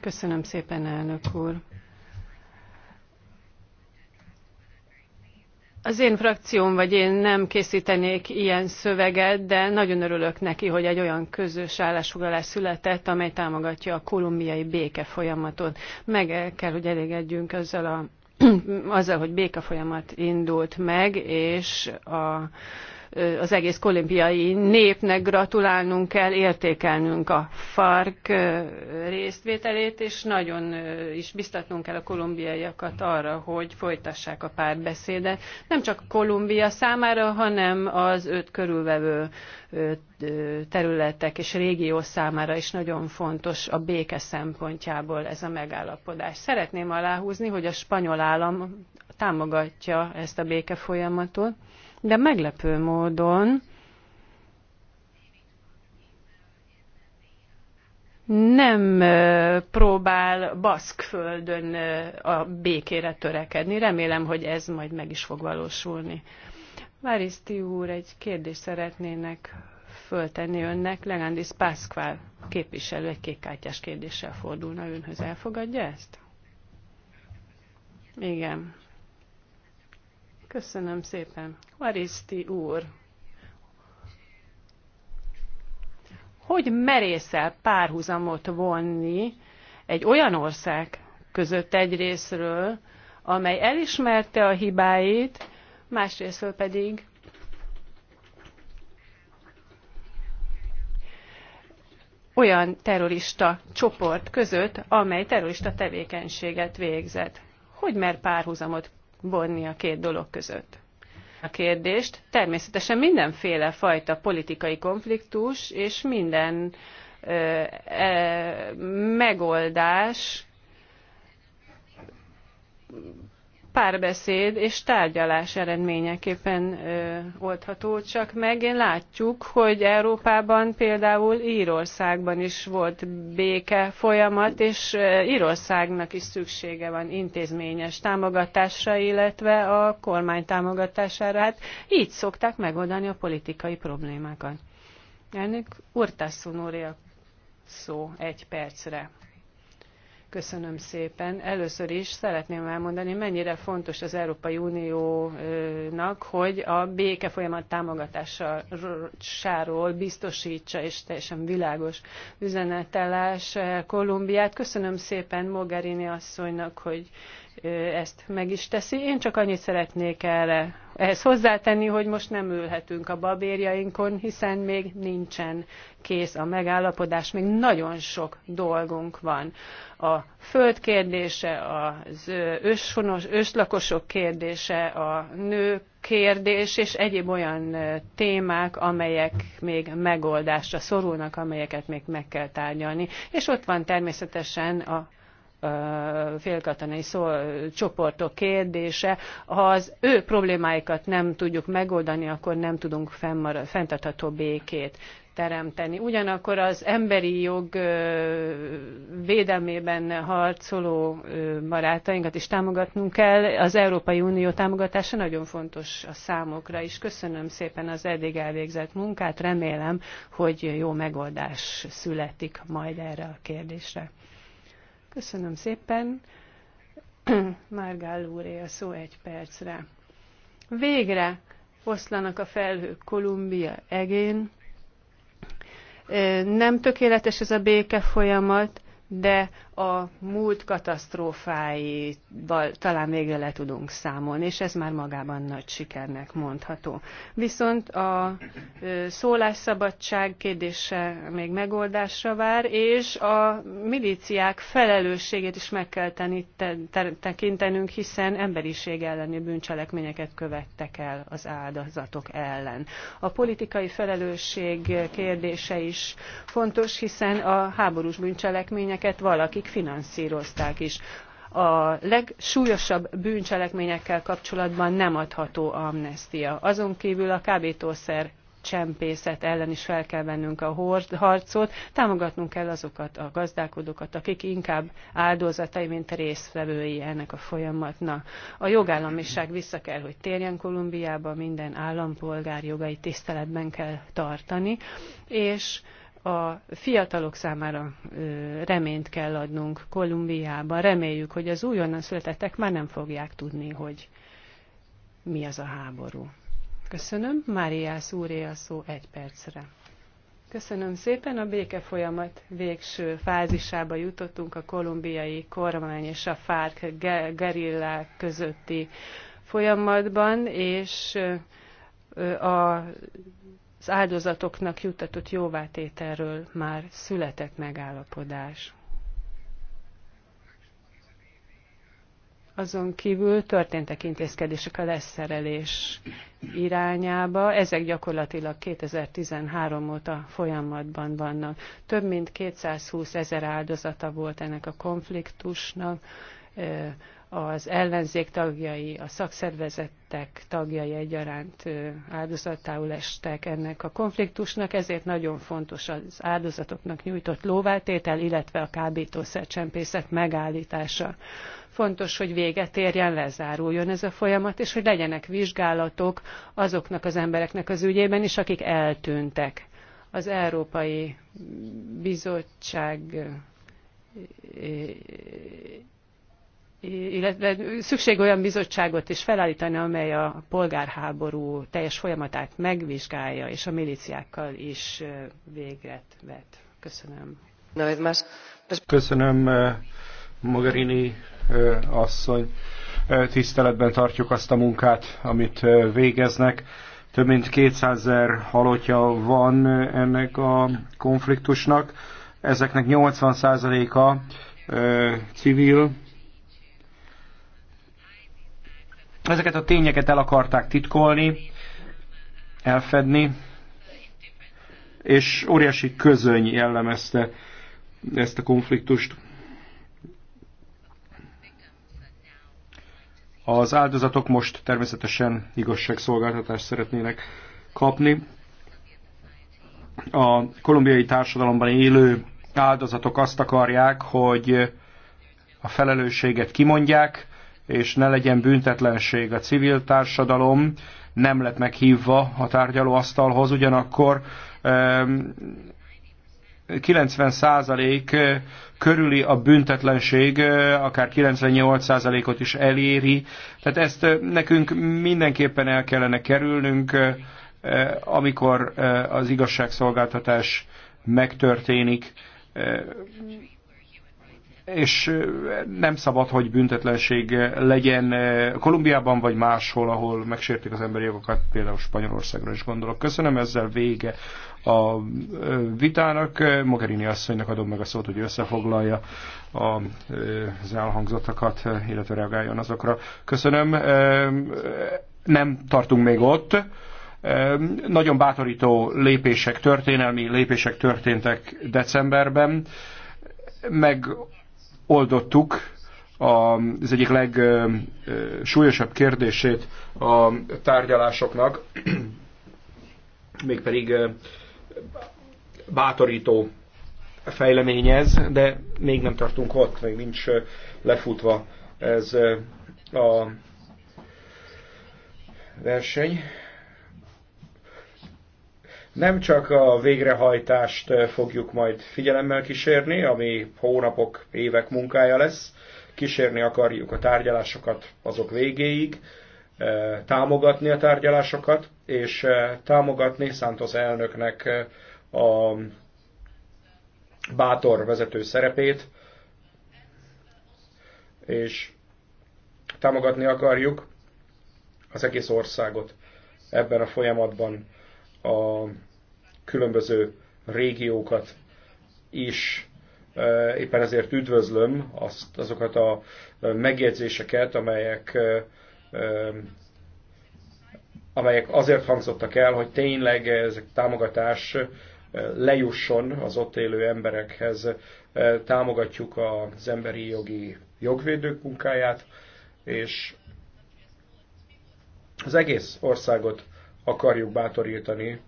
Köszönöm szépen, elnök úr. Az én frakcióm vagy én nem készítenék ilyen szöveget, de nagyon örülök neki, hogy egy olyan közös állásfoglalás született, amely támogatja a kolumbiai béke folyamatot. Meg kell, hogy elégedjünk azzal a azzal, hogy békefolyamat folyamat indult meg, és a, az egész kolumbiai népnek gratulálnunk kell, értékelnünk a fark résztvételét, és nagyon is biztatnunk kell a kolumbiaiakat arra, hogy folytassák a párbeszédet. Nem csak Kolumbia számára, hanem az öt körülvevő területek és régió számára is nagyon fontos a béke szempontjából ez a megállapodás. Szeretném aláhúzni, hogy a spanyol állam támogatja ezt a béke folyamatot, de meglepő módon nem próbál Baszkföldön a békére törekedni. Remélem, hogy ez majd meg is fog valósulni. Váriszti úr, egy kérdést szeretnének föltenni önnek. Legándis Pászkvál képviselő egy kékkártyás kérdéssel fordulna önhöz. Elfogadja ezt? Igen. Köszönöm szépen. Varisti úr, hogy merészel párhuzamot vonni egy olyan ország között egy részről, amely elismerte a hibáit, másrésztről pedig olyan terrorista csoport között, amely terrorista tevékenységet végzett. Hogy mer párhuzamot vonni a két dolog között? a kérdést. Természetesen mindenféle fajta politikai konfliktus és minden ö, ö, e, megoldás párbeszéd és tárgyalás eredményeképpen ö, oldható csak meg. Én látjuk, hogy Európában például Írországban is volt béke folyamat, és ö, Írországnak is szüksége van intézményes támogatásra, illetve a kormány támogatására. Hát így szokták megoldani a politikai problémákat. Elnök Urtasszun úr szó egy percre. Köszönöm szépen. Először is szeretném elmondani, mennyire fontos az Európai Uniónak, hogy a béke folyamat támogatásáról biztosítsa és teljesen világos üzenetelás Kolumbiát. Köszönöm szépen Mogherini asszonynak, hogy ezt meg is teszi. Én csak annyit szeretnék erre ehhez hozzátenni, hogy most nem ülhetünk a babérjainkon, hiszen még nincsen kész a megállapodás, még nagyon sok dolgunk van. A föld kérdése, az őshonos, őslakosok kérdése, a nők kérdés és egyéb olyan témák, amelyek még megoldásra szorulnak, amelyeket még meg kell tárgyalni. És ott van természetesen a félkatonai szó, csoportok kérdése. Ha az ő problémáikat nem tudjuk megoldani, akkor nem tudunk fenntartható békét teremteni. Ugyanakkor az emberi jog védelmében harcoló barátainkat is támogatnunk kell. Az Európai Unió támogatása nagyon fontos a számokra is. Köszönöm szépen az eddig elvégzett munkát. Remélem, hogy jó megoldás születik majd erre a kérdésre. Köszönöm szépen. Márgál úré a szó egy percre. Végre oszlanak a felhők Kolumbia egén. Nem tökéletes ez a béke folyamat, de a múlt katasztrófáival talán végre le tudunk számolni, és ez már magában nagy sikernek mondható. Viszont a szólásszabadság kérdése még megoldásra vár, és a milíciák felelősségét is meg kell tenni, te, te, tekintenünk, hiszen emberiség elleni bűncselekményeket követtek el az áldozatok ellen. A politikai felelősség kérdése is fontos, hiszen a háborús bűncselekményeket valakik finanszírozták is. A legsúlyosabb bűncselekményekkel kapcsolatban nem adható amnestia. Azon kívül a kábítószer csempészet ellen is fel kell vennünk a harcot, támogatnunk kell azokat a gazdálkodókat, akik inkább áldozatai, mint résztvevői ennek a folyamatnak. A jogállamiság vissza kell, hogy térjen Kolumbiába, minden állampolgár jogai tiszteletben kell tartani, és a fiatalok számára reményt kell adnunk Kolumbiában. Reméljük, hogy az újonnan születettek már nem fogják tudni, hogy mi az a háború. Köszönöm. Máriász úré a szó egy percre. Köszönöm szépen. A béke folyamat végső fázisába jutottunk a kolumbiai kormány és a FARC gerillák közötti folyamatban, és a az áldozatoknak juttatott jóvátételről már született megállapodás. Azon kívül történtek intézkedések a leszerelés irányába. Ezek gyakorlatilag 2013 óta folyamatban vannak. Több mint 220 ezer áldozata volt ennek a konfliktusnak az ellenzék tagjai, a szakszervezetek tagjai egyaránt áldozatául estek ennek a konfliktusnak, ezért nagyon fontos az áldozatoknak nyújtott lóváltétel, illetve a kábítószercsempészet megállítása. Fontos, hogy véget érjen, lezáruljon ez a folyamat, és hogy legyenek vizsgálatok azoknak az embereknek az ügyében is, akik eltűntek. Az Európai Bizottság illetve szükség olyan bizottságot is felállítani, amely a polgárháború teljes folyamatát megvizsgálja, és a miliciákkal is végret vet. Köszönöm. Köszönöm, Mogherini asszony. Tiszteletben tartjuk azt a munkát, amit végeznek. Több mint 200 ezer halottja van ennek a konfliktusnak. Ezeknek 80%-a civil, Ezeket a tényeket el akarták titkolni, elfedni, és óriási közöny jellemezte ezt a konfliktust. Az áldozatok most természetesen igazságszolgáltatást szeretnének kapni. A kolumbiai társadalomban élő áldozatok azt akarják, hogy a felelősséget kimondják, és ne legyen büntetlenség. A civil társadalom nem lett meghívva a tárgyalóasztalhoz, ugyanakkor 90% eh, körüli a büntetlenség, eh, akár 98%-ot is eléri. Tehát ezt eh, nekünk mindenképpen el kellene kerülnünk, amikor az igazságszolgáltatás megtörténik és nem szabad, hogy büntetlenség legyen Kolumbiában vagy máshol, ahol megsértik az emberi jogokat, például Spanyolországra is gondolok. Köszönöm, ezzel vége a vitának. Mogherini asszonynak adom meg a szót, hogy összefoglalja az elhangzottakat, illetve reagáljon azokra. Köszönöm. Nem tartunk még ott nagyon bátorító lépések, történelmi lépések történtek decemberben, meg oldottuk az egyik legsúlyosabb kérdését a tárgyalásoknak, mégpedig bátorító fejlemény ez, de még nem tartunk ott, még nincs lefutva ez a verseny. Nem csak a végrehajtást eh, fogjuk majd figyelemmel kísérni, ami hónapok, évek munkája lesz, kísérni akarjuk a tárgyalásokat azok végéig, eh, támogatni a tárgyalásokat, és eh, támogatni Santos elnöknek a bátor vezető szerepét, és támogatni akarjuk az egész országot ebben a folyamatban. A különböző régiókat is. E, éppen ezért üdvözlöm azt, azokat a e, megjegyzéseket, amelyek, e, amelyek azért hangzottak el, hogy tényleg ezek támogatás lejusson az ott élő emberekhez. Támogatjuk az emberi jogi jogvédők munkáját, és az egész országot akarjuk bátorítani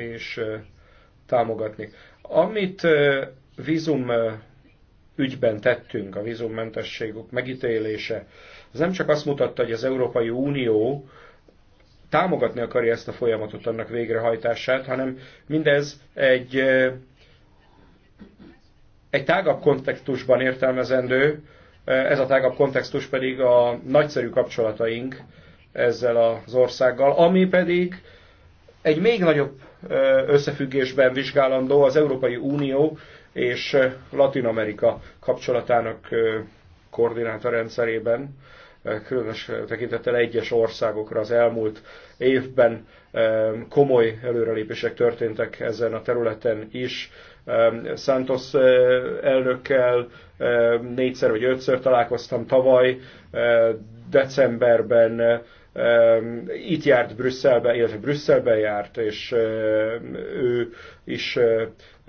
és támogatni. Amit vízum ügyben tettünk, a vízummentességük megítélése, az nem csak azt mutatta, hogy az Európai Unió támogatni akarja ezt a folyamatot, annak végrehajtását, hanem mindez egy, egy tágabb kontextusban értelmezendő, ez a tágabb kontextus pedig a nagyszerű kapcsolataink ezzel az országgal, ami pedig egy még nagyobb összefüggésben vizsgálandó az Európai Unió és Latin Amerika kapcsolatának koordináta rendszerében, különös tekintettel egyes országokra az elmúlt évben komoly előrelépések történtek ezen a területen is. Santos elnökkel négyszer vagy ötször találkoztam tavaly, decemberben itt járt Brüsszelbe, illetve Brüsszelbe járt, és ő is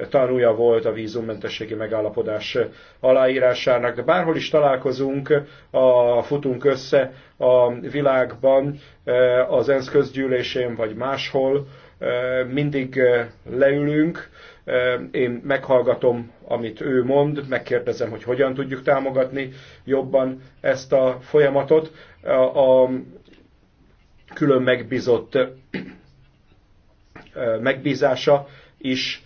tanúja volt a vízummentességi megállapodás aláírásának, de bárhol is találkozunk, a, futunk össze a világban, az ENSZ közgyűlésén vagy máshol, mindig leülünk, én meghallgatom, amit ő mond, megkérdezem, hogy hogyan tudjuk támogatni jobban ezt a folyamatot. A külön megbízott megbízása is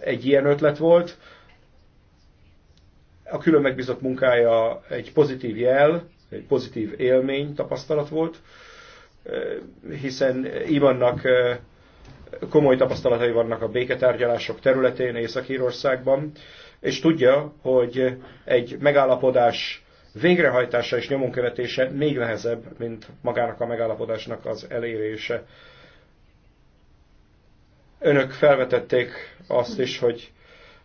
egy ilyen ötlet volt. A külön megbízott munkája egy pozitív jel, egy pozitív élmény, tapasztalat volt, hiszen Ivannak komoly tapasztalatai vannak a béketárgyalások területén Észak-Írországban, és tudja, hogy egy megállapodás végrehajtása és nyomon követése még nehezebb, mint magának a megállapodásnak az elérése. Önök felvetették azt is, hogy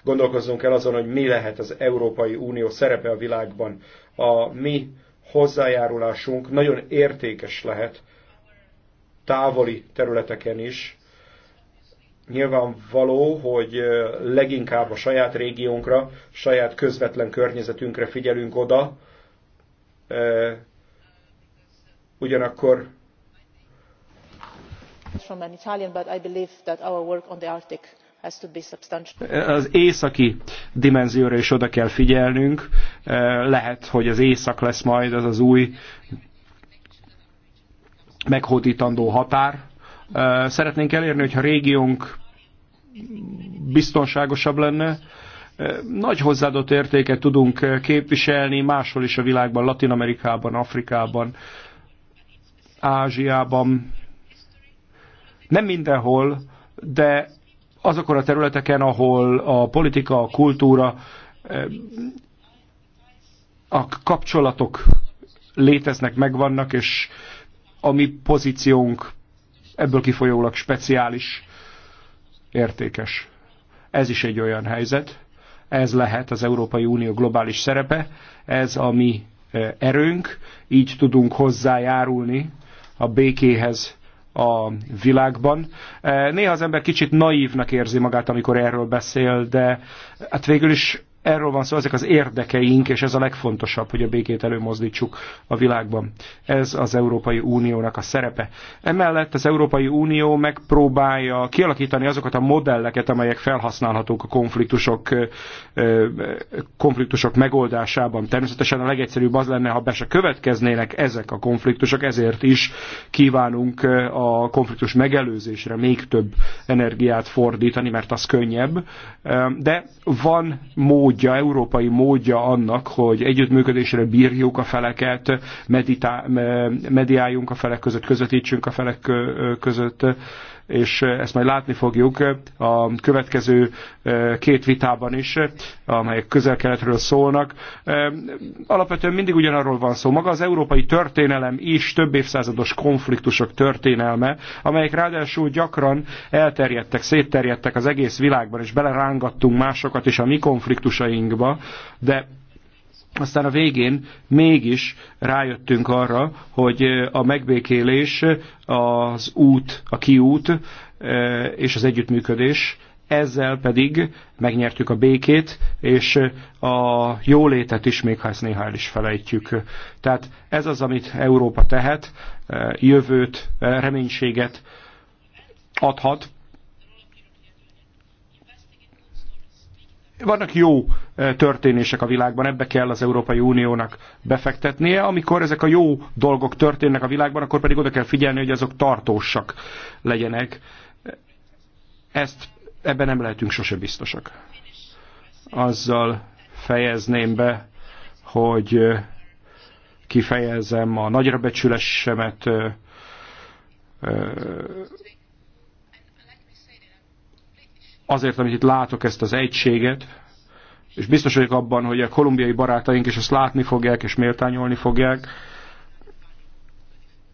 gondolkozzunk el azon, hogy mi lehet az Európai Unió szerepe a világban. A mi hozzájárulásunk nagyon értékes lehet távoli területeken is. Nyilvánvaló, hogy leginkább a saját régiónkra, saját közvetlen környezetünkre figyelünk oda, ugyanakkor az északi dimenzióra is oda kell figyelnünk. Lehet, hogy az észak lesz majd az az új meghódítandó határ. Szeretnénk elérni, hogyha a régiónk biztonságosabb lenne, nagy hozzáadott értéket tudunk képviselni máshol is a világban, Latin Amerikában, Afrikában, Ázsiában. Nem mindenhol, de azokon a területeken, ahol a politika, a kultúra, eh, a kapcsolatok léteznek, megvannak, és a mi pozíciónk ebből kifolyólag speciális, értékes. Ez is egy olyan helyzet, ez lehet az Európai Unió globális szerepe, ez a mi e, erőnk, így tudunk hozzájárulni a békéhez a világban. E, néha az ember kicsit naívnak érzi magát, amikor erről beszél, de hát végül is erről van szó, ezek az érdekeink, és ez a legfontosabb, hogy a békét előmozdítsuk a világban. Ez az Európai Uniónak a szerepe. Emellett az Európai Unió megpróbálja kialakítani azokat a modelleket, amelyek felhasználhatók a konfliktusok, konfliktusok megoldásában. Természetesen a legegyszerűbb az lenne, ha be se következnének ezek a konfliktusok, ezért is kívánunk a konfliktus megelőzésre még több energiát fordítani, mert az könnyebb. De van mód módja, európai módja annak, hogy együttműködésre bírjuk a feleket, meditá, mediáljunk a felek között, közvetítsünk a felek között, és ezt majd látni fogjuk a következő két vitában is, amelyek közel-keletről szólnak. Alapvetően mindig ugyanarról van szó. Maga az európai történelem is több évszázados konfliktusok történelme, amelyek ráadásul gyakran elterjedtek, szétterjedtek az egész világban, és belerángattunk másokat is a mi konfliktusainkba, de aztán a végén mégis rájöttünk arra, hogy a megbékélés, az út, a kiút és az együttműködés, ezzel pedig megnyertük a békét, és a jólétet is, még ha ezt néha el is felejtjük. Tehát ez az, amit Európa tehet, jövőt, reménységet adhat, vannak jó e, történések a világban, ebbe kell az Európai Uniónak befektetnie. Amikor ezek a jó dolgok történnek a világban, akkor pedig oda kell figyelni, hogy azok tartósak legyenek. Ezt ebben nem lehetünk sose biztosak. Azzal fejezném be, hogy e, kifejezem a nagyra becsülésemet e, azért, amit itt látok, ezt az egységet, és biztos vagyok abban, hogy a kolumbiai barátaink is ezt látni fogják, és méltányolni fogják.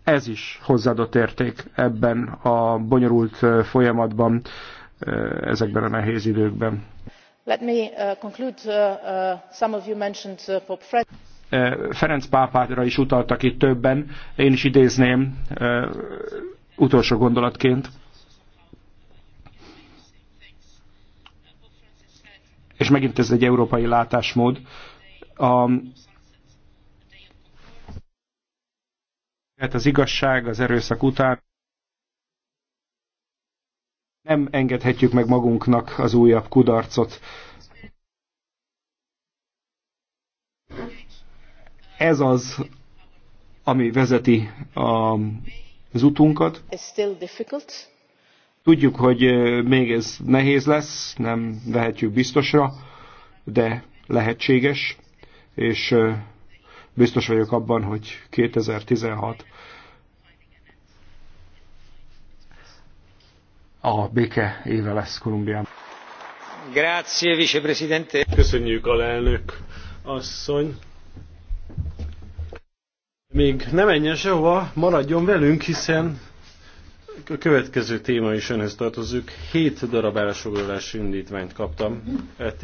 Ez is hozzáadott érték ebben a bonyolult folyamatban, ezekben a nehéz időkben. Let me uh, conclude. Uh, uh, some of you mentioned uh, Pope Fred. Ferenc pápára is utaltak itt többen, én is idézném utolsó gondolatként. és megint ez egy európai látásmód, a, hát az igazság az erőszak után nem engedhetjük meg magunknak az újabb kudarcot. Ez az, ami vezeti a, az utunkat. Tudjuk, hogy még ez nehéz lesz, nem vehetjük biztosra, de lehetséges, és biztos vagyok abban, hogy 2016 a béke éve lesz Kolumbiában. Grazie, vicepresidente. Köszönjük, a lelnök asszony. Még nem menjen sehova, maradjon velünk, hiszen a következő téma is önhöz tartozik. Hét darab állásfoglalási indítványt kaptam. E